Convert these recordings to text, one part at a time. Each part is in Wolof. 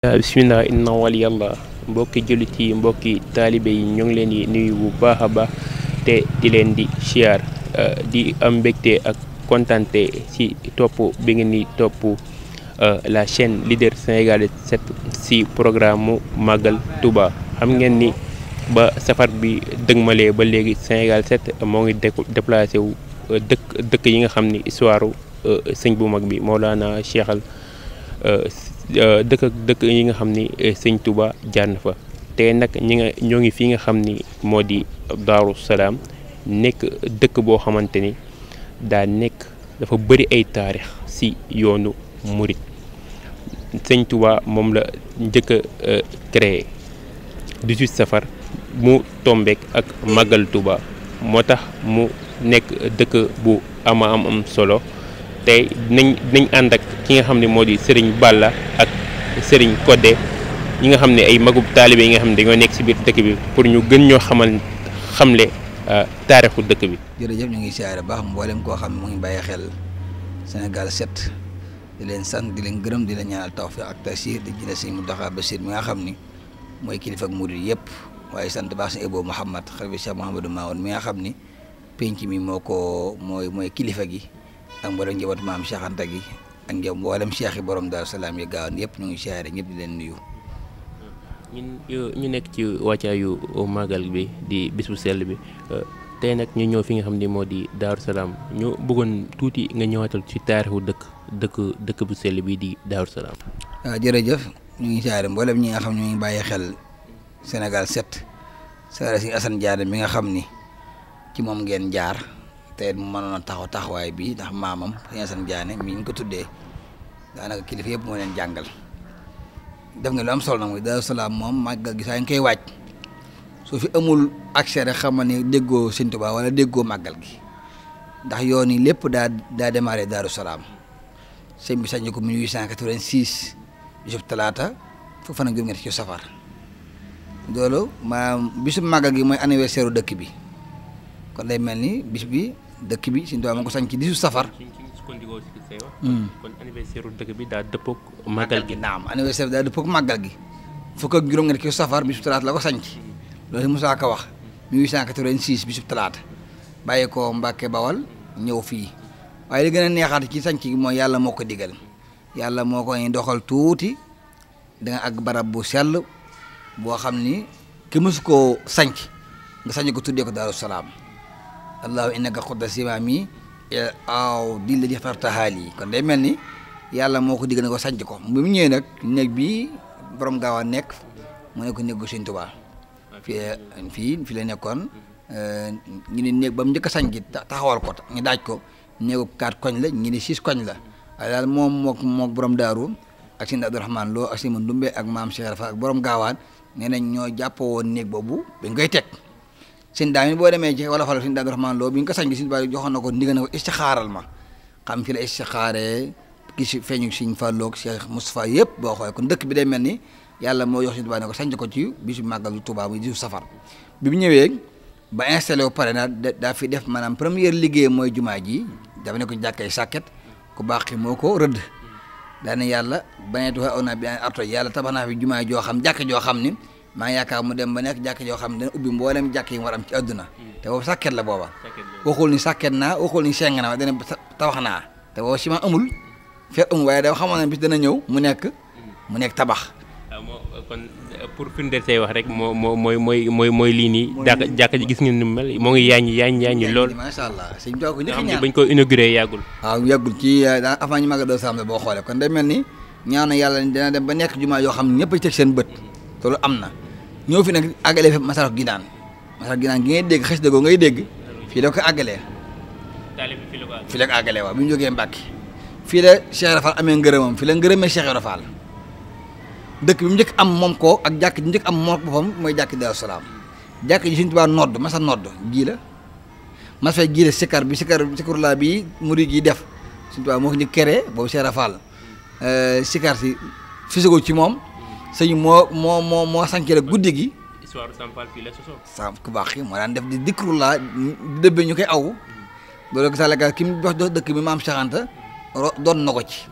bisimilah inna wali yàlla mbokki jullit yi mbokki taalibe yi ñu ngi leen di nuyu bu baax a baax te di leen di siyaar eh, di am mbégte ak kontante ci topp bi ngeen di topp eh, la chaine leader sénégalaise 7 ci programme mu Màggal Touba xam ngeen ni ba safar bi dëgmalee ba léegi Sénégal 7 moo ngi déplacé wu eh, dëkk yi nga xam ni histoire sëñ bu mag bi Mawlana Cheikh al Euh, dëkk dëkk yi nga xam ni eh, sëñ Touba jànn fa te nag ñi nga ñoo ngi fii nga xam ni moo di Daaru Salaam nekk dëkk boo xamante ni daa nekk dafa bari ay taarix si yoonu murit sëñ Touba moom la njëkk a euh, di 18 safar mu tombeek ak Magal tubaa moo tax mu nekk dëkk bu ama am am solo tey dinañ dinañ ànd ak ki nga xam ne moo di sëriñ Balla ak sëriñ Codé ñi nga xam ne ay magub taalibe yi nga xam ne dañoo nekk si biir dëkk bi pour ñu gën ñoo xamal xamle euh, taarixu dëkk bi. jërëjëf ñu ngi siyaare baax mboolem ko xam ne mu ngi bàyyi xel Sénégal set di leen sant di leen gërëm di leen ñaanal tawfiq ak tasiir di jëlee sëñ Mountakha Bassirou mi nga xam ni mooy kilifa ak murid yëpp waaye sant baax sëñ Ebo Mouhamad xalifa Cheikh Mouhamadou Mawoun mi nga xam ni penc mi moo ko mooy mooy kilifa gi. ak mboolem njabootu maam Cheikh Anta gi ak njab mboolem Cheikh yi borom Daaru Salaam yi gaawan yëpp ñu ngi siyaare ñëpp di leen nuyu. ñu nekk ci wàccaayu magal bi di bis bu sell bi euh, tey nag ñu ñëw fi nga xam ni moo di Daaru Salaam ñu bëggoon tuuti nga ñëwaatal ci taarixu dëkk dëkk dëkk bu sell bi di Daaru Salaam. waaw ah, jërëjëf ñu ngi siyaare mboolem ñi nga xam ñu ngi bàyyi xel Sénégal 7 siyaare si Assane Diané mi nga xam ni ci moom ngeen jaar. te man mënoon taxaw taxawaay bi ndax maamam Sëriñ Asan Jaane mi ngi ko tuddee daanaka kilifa yëpp moo leen jàngal def nga lu am solo nag mooy Daaru Salaam moom màggal gi saa ngi koy waaj su fi amul accès rek xamal ni déggoo Sëriñ Tuubaa wala déggoo màggal gi ndax yoon yi lépp daa daa démarré Daaru Salaam sëñ bi sañ ko talaata foofu nag ak juróom ñett ci safar loolu maanaam bisu màggal gi mooy anniversaire dëkk bi kon day mel ni bis bi. dëkk bi suñu doom ma ko sañ ci disu safar. Hmm. kon anniversaire dëkk bi daa dëppoog màggal gi naam anniversaire bi daa dëppoog màggal gi fukk ak juróom nga ne ki safar bisub talaata la ko sañc loolu Moussa Ka wax 1886 bisub talaata bàyyi ko Mbàkke Bawal ñëw fii waaye li gën ci sañc gi mooy yàlla moo ko digal yàlla moo koy doxal tuuti da ak barab bu sell boo xam ni ki mësu ko sañc nga sañ ko tuddee ko Daaru Salaam allahu innaka xudda simaami aw di la jëfartaxaal yi kon day mel ni yàlla moo ko digg na ko sanc ko bi mu ñëwee nag néeg bi borom gaawaa nekk mu ne ko néegu Sëñ Tuubaa fii fi la nekkoon ñu ne néeg ba mu njëkk a taxawal ko ñu daaj ko néegu quatre koñ la ñu ne six koñ la waaye daal moom mook mook borom daaru ak sëñ Abdourahmane Lo ak sëñ Mandumbe ak maam Cheikh Rafa ak gaawaan nee ñoo jàppoo woon néeg boobu dañ koy teg sëñ daamin boo demee ci wala fal sëñ Daaru Rahmaan Lo bi ñu ko sañ bi sëñ Tuubaa joxoon na ko ndigal na ko istixaaral ma xam fi la ki si feeñu sëñ Falloog Cheikh Moustapha yëpp boo xoolee kon dëkk bi day mel ni yàlla moo jox sëñ Tuubaa ko sañ ko ci bisu màggal yu Tuubaa muy bisu safar bi mu ñëwee ba installé wu pare na daa fi def maanaam première liggéey mooy jumaa ji dafa ne ko jàkkay sàkket ku baax ki moo ko rëdd daane yàlla baneetu aw naa bi arto yàlla tabax naa jumaa joo xam jàkk joo xam ni maa ngi yaakaar mu dem ba nekk jàkk joo xam ne dana ubbi mboolem jàkk yi mu ci àdduna mm. te boobu sàkket la booba waxul ni sàkket naa waxul ni seng naa dana tabax naa te boobu ciment amul fer amul waaye dafa ne bis dana ñëw mu nekk mu nekk tabax ah, kon pour firndeel say wax rek moo moo mooy mooy mooy mooy lii nii jàkk jàkk ji gis ngeen ni mu mel moo ngi yaaññi yaaññi yaaññi lool macha allah suñ toog njëkk ñaan bañ ko inauguré yàggul waaw yàggul ci euh, daa avant ñu màgg doo sàmm boo xoolee kon day mel ni ñaanu yàlla dina dem ba nekk jumaa yoo xam ne ñëpp ci teg seen bët te mm-hmm. loolu am na ñëw fi nag àggalee fi Masaalikul Jinaan Masaalikul Jinaan gi ngay dégg xës dëggoo ngay dégg fii da ko àggalee fii la ko àggalee waaw bi ñu jógee Mbàkke fii la Cheikh Rafal amee ngërëmam fii la ngërëmee Cheikh Rafal dëkk bi mu njëkk am moom koo ak jàkk ji njëkk am moom boppam mooy jàkk Daaru Salaam jàkk ji Sëriñ Tuubaa nodd masa nodd jii la mas fay jii la sikkar bi sikkar sikkarulaa bi murid yi def Sëriñ Tuubaa moo ko njëkk kere boobu Cheikh Rafal euh, sikkar ci moom sëñ moo moo moo moo guddi gi. histoire Sampal ku baax yi moo daan def di dikru laa dëbbe ñu koy aw. loolu gisaa la gars ki mu jox jox dëkk bi maam Cheikh Anta doon na ko ci.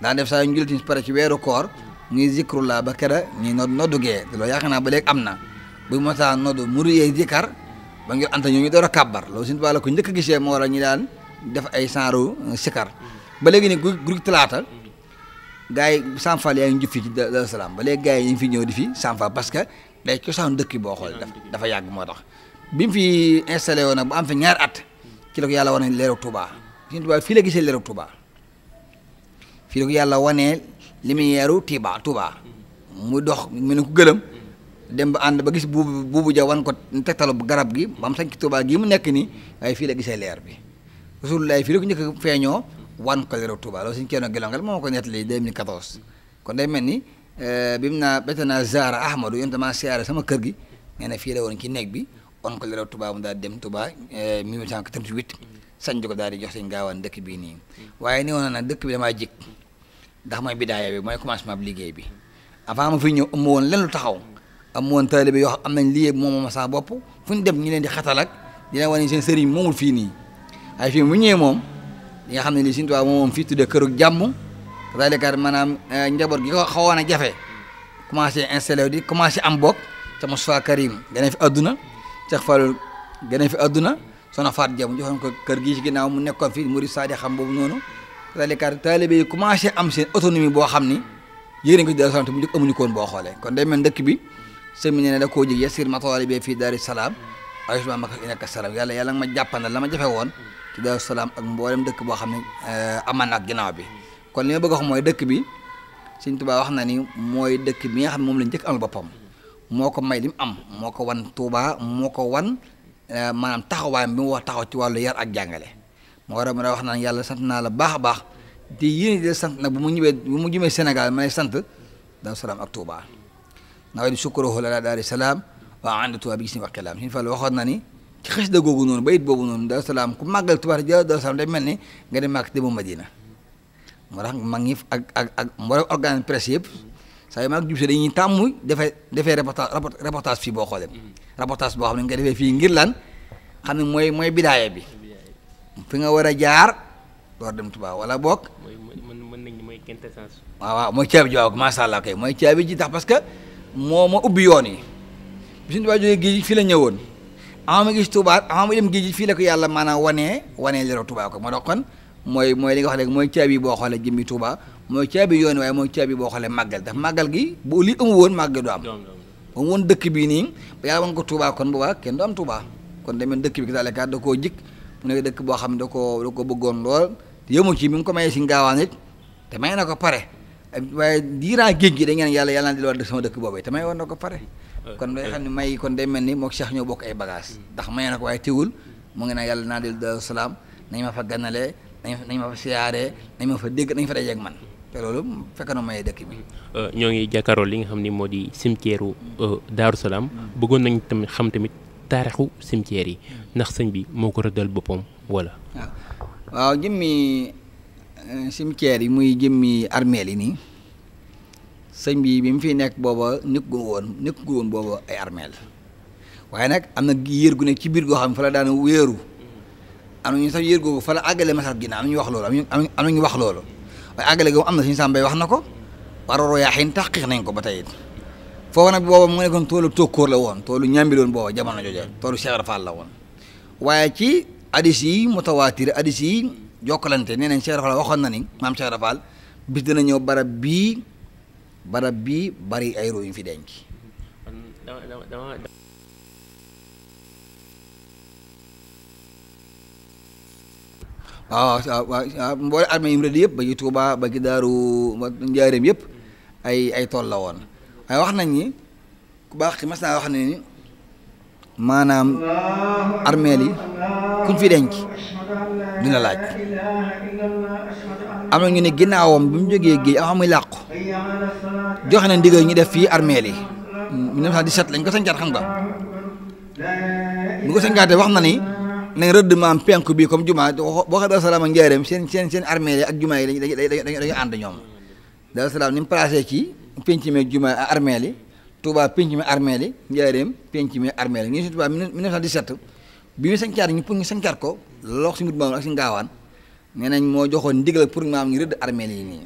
daan def saa yu ñu jullit ci weeru koor. ñuy zikru laa ba kera ñuy nod noddu gee loolu yaakaar naa ba léegi am na. bu ma saa noddu muru yee ba ngir anta ñu door a kàbbar loolu suñu tubaab la njëkk gisee moo waral ñu daan def ay saaru sikar. ba léegi nii guddi talaata. gars yi Samfal yaa ngi njub fii ci Darou Salaam ba yi fi ñëw di fi Samfal parce que day cosaan dëkk boo xool dafa dafa yàgg moo tax bi mu fi installé woon nag bu am fi ñaar at ci la ko yàlla wane leeru Touba suñu Touba fii la gisee leeru Touba fii la ko yàlla wanee lumière Touba mu dox mu ne ko gëlëm dem ba ànd ba gis buubu buubu ja wan ko tegtalu garab gi ba am sañ ci tubaa gii mu nekk nii waaye fii la gisee leer bi Rasulullah fii la ko njëkk feeñoo wan ko leero Touba loolu suñ kenn gelongal moo ko nettali 2014 kon day mel ni eh, bi mu naa na naa Zara Ahmadou yéen damaa siyaare sama kër gi nee na fii la woon ci néeg bi wan ko leero Touba mu daal dem Touba 1988 eh, sañ ko daal di jox seen gaawaan dëkk bii nii waaye ne woon na nag dëkk bi damaa jik ndax mooy bidaaya bi mooy commencement bi liggéey bi avant ma fi ñëw amu woon leen lu taxaw amu woon taalibe yoo xam am nañ liggéey moom moom saa bopp fu ñu dem ñu leen di xatal ak dina wane seen sëriñ moomul fii nii waaye fii mu ñëwee moom ñi nga xam ne lii Sëriñ Tuubaa moom fii tuddee këru jàmm c'est-à-dire maanaam eh, njaboot gi ko xawoon a jafe commencé installé di commencé am bokk ca Moussa Karim gane fi adduna Cheikh Fallou gane fi adduna Soxna Faat Jam joxoon ko kër gii ci ginnaaw mu nekkoon fi murid saadi xam boobu noonu c'est-à-dire taalibe am seen autonomie boo xam ni yéen ko ci Daaru Salaam te mu jóg amuñu ko boo xoolee kon day mel dëkk bi sëñ bi nee na da koo jig ma taalibe fii Daaru Salaam ayusuma maka inaka yàlla yàlla ma jàppandal la ma jafe woon ci Salaam ak mboolem dëkk boo xam ne eh, aman ak ginnaaw bi kon li ma mooy dëkk bi Sëñ Tuubaa wax na ni mooy dëkk bi nga xam ne moom lañ njëkk amal boppam moo ko may li am moo ko wan Tuubaa moo ko wan eh, maanaam taxawaayam bi mu wax taxaw ci wàllu yar ak jàngale moo war a mën a wax naan yàlla sant naa la baax a baax di yéen di sant nag bu mu ñëwee bu mu jëmee Sénégal ma sant Daaru Salaam ak Tuubaa nawaytu sukkuruhu lala Daaru Salaam waa ànd Tuubaa bi gis ni waqilaam suñu fa waxoon na ni ci xasida googu noonu bayit boobu noonu Daaru Salaam ku màggal a ja Daaru Salaam day mel ni nga dem màkk demu Madina moo tax mag ñi ak ak ak mboolem organe presse yëpp saa yu mag jub si dañuy tàmm defee defee reportage reportage fii boo xoolee reportage boo xam ne nga defee fii ngir lan xam ne mooy mooy bidaaya bi fi nga war a jaar door dem Tuubaa wala boog. waaw waaw mooy caabi ji waaw macha allah kay mooy caabi ji tax parce que moo ma ubbi yoon yi bi suñu Tuubaa jógee géej fii la ñëwoon. ama gis Touba ama dem géej fii la ko yàlla maanaam wane wane lero Touba ko moo tax kon mooy mooy li nga wax léegi mooy caabi boo xoolee jëmmi Touba mooy caabi yoon waaye mooy caabi boo xoolee màggal daf màggal gi bu li amu woon màggal du am ba mu woon dëkk bii nii ba yàlla wan ko Touba kon boobaa kenn du am Touba kon demeen dëkk bi gisaaleka da koo jik mu nekk dëkk boo xam ne da koo da ko bëggoon lool yëmu ci mi nga ko mayee si ngaawaan it te may na ko pare waaye diiraa gi da ngeen yàlla yàlla naa di sama dëkk boobu te na ko pare Euh, kon day euh. xam ne may kon day mel ni mook Cheikh ñoo bokk ay bagage ndax may na ko waaye teewul mu ngi naan yàlla naa del Daaru Salaam nañ ma fa gannalee nañ ma fa siyaaree nañ ma fa dégg nañ fa dajeeg man te loolu fekk na maye dëkk bi. Euh, ñoo ngi jàkkaaroo li nga xam ne moo di cimetière Daaru Salaam mm. bëggoon nañ tamit xam tamit taarixu cimetière yi mm. ndax sëñ bi moo ko rëddal boppam wala. waaw waaw jëmmi cimetière yi muy jëmmi armeel yi nii. sëñ bi bi mu fiy nekk booba nekk woon nekk woon booba ay armeel waaye nag am na yéer gu nekk ci biir goo xam fa la daan wéeru am na ñu sax yéer googu fa la àggale masar ginnaaw am ñu wax loolu am na ñu wax loolu waaye àggale googu am na suñu sàmbay wax na ko wararoo yaa xin taxqiq nañ ko ba tey it foofu nag booba mu nekkoon toolu tokkóor woon toolu ñàmbiloon booba jamono jooja toolu Cheikh Fall la woon waaye ci hadis yi mutawaatir hadis jokkalante nee nañ Cheikh Fall waxoon na ni maam Cheikh Fall bis dina ñëw bii barab bii bari ay ruu yu fi denc. waaw ah, ah, waaw ah, mboole armée yi mu rëdd yëpp ba ci Touba ba ci Njaareem yëpp ay ay tool la woon waaye wax nañ ni ku baax ci mas wax ne ni maanaam armée yi kuñ fi denc dina laaj. am na ñu ne ginnaawam bi mu jógee géej am muy làqu joxe na ndigal ñu def fii armeel yi 1917 lañ ko sancaat xam nga bu ko sancaatee wax na ni nañ rëdd maam penku bii comme juma boo xam Daaru Salaam ak Njaaréem seen seen seen armeel yi ak juma yi dañuy ànd ñoom Daaru Salaam ni mu ci penc mi juma armeel yi Touba penc mi armeel yi Njaaréem penc mi armeel yi ñu ne si Touba 1917 bi ñu sancaat ñu pour ñu sancaat ko loxo si mut maam nee nañ moo joxoon ndigal pour maam ñu rëdd armeel yi nii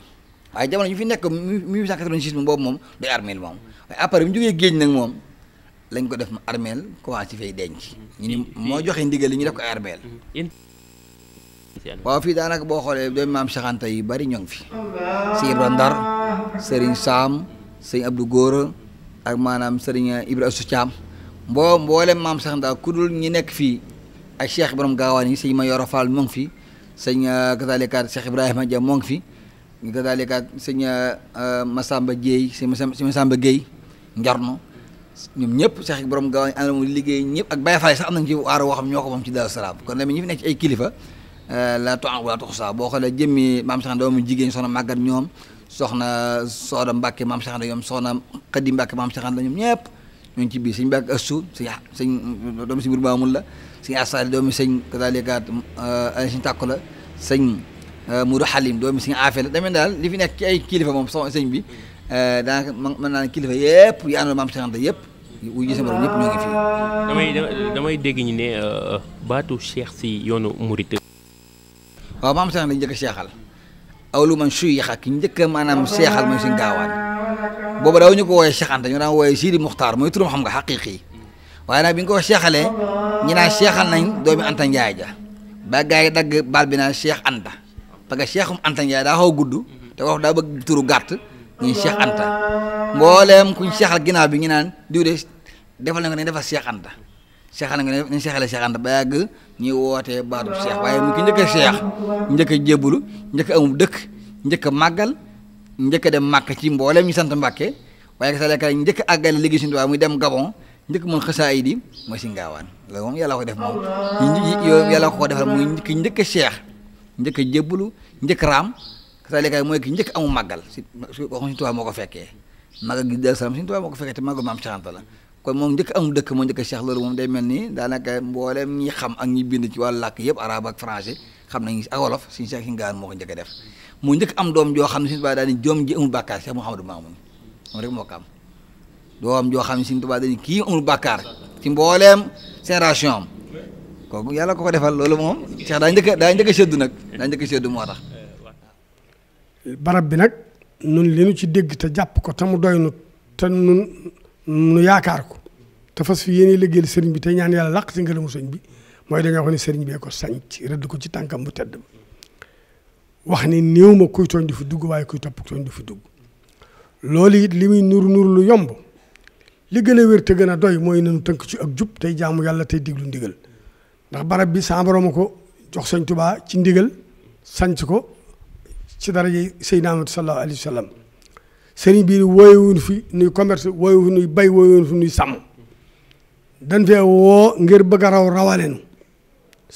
waaye jamono ñu fi nekk 1886 moom boobu moom day armeel moom waaye après bi mu jógee géej nag moom lañ ko def armeel commencé fay denc. ñu ni moo joxe ndigal yi ñu def ko ay armeel. waaw fii daanaka boo xoolee doomu maam Cheikh Anta bari ñoo ngi fi. si Ibra Ndar Serigne Sam Serigne Abdou Gora ak maanaam Serigne Ibra Assou Thiam maam Cheikh Anta ku dul ñi nekk fii ak Cheikh Ibrahim Gaawaan yi Serigne Mayoro Fall mu ngi fi. sëñ euh, kazalika Cheikh Ibrahima Dia moo fi kazalika sëñ euh, euh, Massamba Dieye sëñ Massamba Gueye Njorno ñoom ñëpp Cheikh borom gaaw ànd mu liggéey ñëpp ak Baye Fall sax am nañ ci aar woo xam ñoo ko moom ci Daaru Salaam kon tamit ñi fi nekk ci ay kilifa la toa wala tuxsa boo xoolee jëmmi maam Cheikh doomu jigéen soxna màggat ñoom soxna Sooda Mbàkke maam Cheikh ñoom soxna Xadi Mbàkke maam Cheikh ñoom ñëpp ñu ngi ci biir sëñ Mbàkke Assu sëñ sëñ doom si biir maamul la sëñ Asaal doomi sëñ kadalika euh, sëñ tàkku la sëñ euh, Mudu Xalim doomi sëñ Aafe la demee daal li fi nekk ci ay kilifa moom so sëñ bi euh, daanaka mën naa kilifa yëpp yi àndoon maam Cheikh Anta yëpp wu gis damay dégg ñu ne baatu cheikh si yoonu murit waaw maam Cheikh Anta njëkk a seexal awlu man suyaxa ki njëkk a seexal mooy sëñ gaawaan booba daaw ñu ko wooyee Cheikh Anta ñu daan wooyee Sidi Muxtaar mooy turam xam nga xaqiiqi waaye nag bi nga ko seexalee ñi naan seexal nañ doomi Anta Njaay ja ba gaa yi dagg baal bi naa Cheikh Anta parce que Cheikhum Anta Njaay daa xaw gudd te wax daa bëgg turu gàtt ñuy Cheikh Anta mbooleem kuñ seexal bi ñu naan diw de defal nañ ko ne defal Cheikh Anta seexal na ko ne ñu seexalee Cheikh Anta ba yàgg ñuy wootee baatub Cheikh waaye mu ki njëkk a Cheikh njëkk a jébbalu dëkk njëkk màggal njëkk a dem màkk ci mbooleem ñu sant Mbàkke waaye sa lekka njëkk a àggale liggéey suñu muy dem Gabon njëkk moom xasaayid yi mooy si ngaawaan loolu moom yàlla ko def moom yooyu yàlla ko defal muy ki njëkk a seex njëkk a njëkk raam xasaalikaay mooy ki njëkk amu màggal si su moo ko fekkee màggal gi Daaru Salaam suñu tubaab moo ko fekkee te màggal la kon moom njëkk amu dëkk moo njëkk a seex loolu moom day mel nii daanaka mboolem ñi xam ak ñi bind ci wàllu làkk yëpp arabe ak français xam nañu ak wolof suñu seex si ngaawaan moo ko a def mu njëkk am doom joo xam ne suñu tubaab daal ni ji amul bàkkaar Seex Muhammadu Maamun moom rek moo ko am doom joo xam ne Sëriñ Tuubaa dañu kii amul ci mbooleem génération am yàlla ko ko defal loolu moom Cheikh daa njëkk daa njëkk a séddu nag daa njëkk a moo tax barab bi nag nun li nu ci dégg te jàpp ko te mu doy nu te nun nu yaakaar ko te fas fi yéene liggéeyal sëriñ bi te ñaan yàlla laq si ngërëmu sëriñ bi mooy dañoo wax ne sëriñ bee ko sañc rëdd ko ci tànkam bu tedd wax ni néew ma kuy tooñ di fi dugg waaye kuy topp tooñ di fi dugg loolu it li nur nur lu yomb li gën a wér te gën a doy mooy nañu tënk ci ak jub tey jaamu yàlla tey diglu ndigal ndax barab bi sa ko jox sëñ Tuubaa ci ndigal sanc ko ci dara ji Seydina Ahmad sallallahu alayhi wa sallam sëriñ bi wooyewuñ fi nuy commerce wooyewuñ nuy bay wooyewuñ fi nuy sàmm dañ fee woo ngir bëgg a raw rawaleen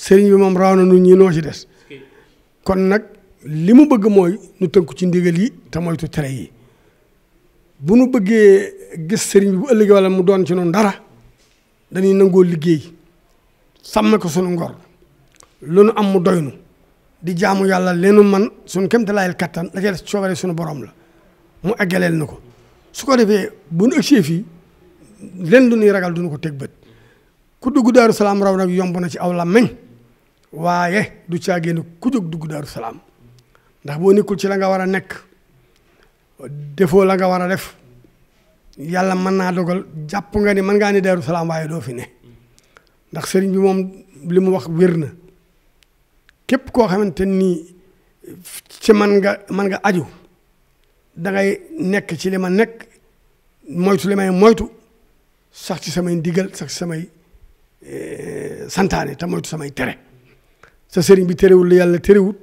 sëriñ bi moom raw nu ñi noo ci des kon nag li mu bëgg mooy nu tënku ci ndigal yi te moytu tere yi bu nu bëggee gis sëriñ bi bu ëllëgee wala mu doon ci noonu dara dañuy nangoo liggéey sàmm ko sunu ngor loonu am mu doynu di jaamu yàlla leenu man sunu kem dalaayal kattan la ca des coobare sunu borom la mu eggaleel na ko su ko defee bu nu ëgsee fii leen lu nuy ragal duñu ko teg bët ku dugg daaru salaam raw nag yomb na ci aw làmmiñ waaye du caa génn ku jóg dugg daaru salaam ndax boo nekkul ci la nga war a nekk defoo la nga war a def yàlla mën naa dogal jàpp nga ni man ngaa ni Daaru Salaam waaye doo fi ne ndax sëriñ bi moom li mu wax wér na képp koo xamante nii ci man nga man nga aju dangay nekk ci li ma nekk moytu li may moytu sax ci samay ndigal sax ci samay eh, santaane te moytu samay tere sa sëriñ bi terewul lu yàlla terewut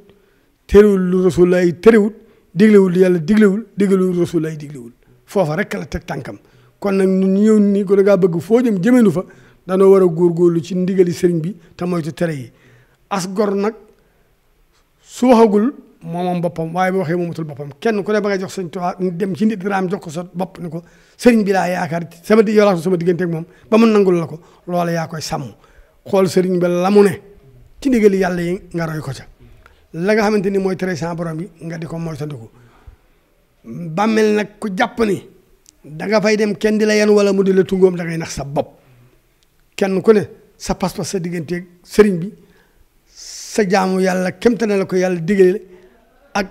terewul lu rasul lay terewut diglewul yàlla wul diglewul rasul lay wul foofa rek la teg tànkam kon nag ñun ñëw ni ko da bëgg foo jëm jëmeenu fa danoo war a góorgóorlu ci ndigali sëriñ bi te moytu tere yi as gor nag su waxagul moomam boppam waaye bu waxee moomatul boppam kenn ku ne ba nga jox sëñ dem ci nit raam jox ko sa bopp ni ko sëriñ bi laa yaakaar sama di yoolaa sama digganteeg moom ba mu nangul la ko lool yaa koy sam xool sëriñ bi la mu ne ci ndigali yàlla yi nga ko ca la nga xamante ni mooy tere sa borom bi nga di ko moytandiku bàmmeel nag ku jàpp ni da nga fay dem kenn di la yan wala mu di la tungoom da ngay nax sa bopp kenn ku ne sa pas-pas sa digganteeg sëriñ bi sa jaamu yàlla kemte la ko yàlla digale ak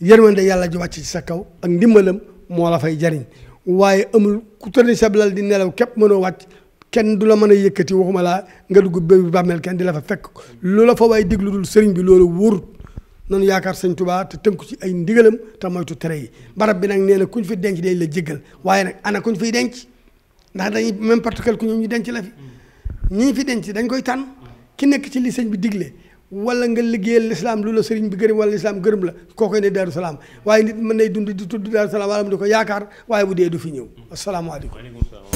yërmande yàlla ju wàcc ci sa kaw ak ndimbalam moo la fay jariñ waaye amul ku tëdd sa blal di nelaw képp mënoo wàcc kenn du la mën a yëkkati waxuma laa nga dugg bébu bàmmeel kenn di la fa fekk lu la fa waay déglu dul sëriñ bi loolu wóorut nanu yaakaar sëñ Tuubaa te tënku ci ay ndigalam te moytu tere yi barab bi nag nee na kuñ fi denc dañ la jéggal waaye nag ana kuñ fiy denc ndax dañuy même particulier ku ñoom ñu denc la fi ñi fi denc dañ koy tànn ki nekk ci li sëñ bi digle wala nga liggéeyal lislaam lu la sëriñ bi gërëm wala lislaam gërëm la koo koy ne Daaru Salaam waaye nit mën nay dund di tudd Daaru Salaam wala mu di ko yakar waaye bu dee du fi ñëw asalaamaaleykum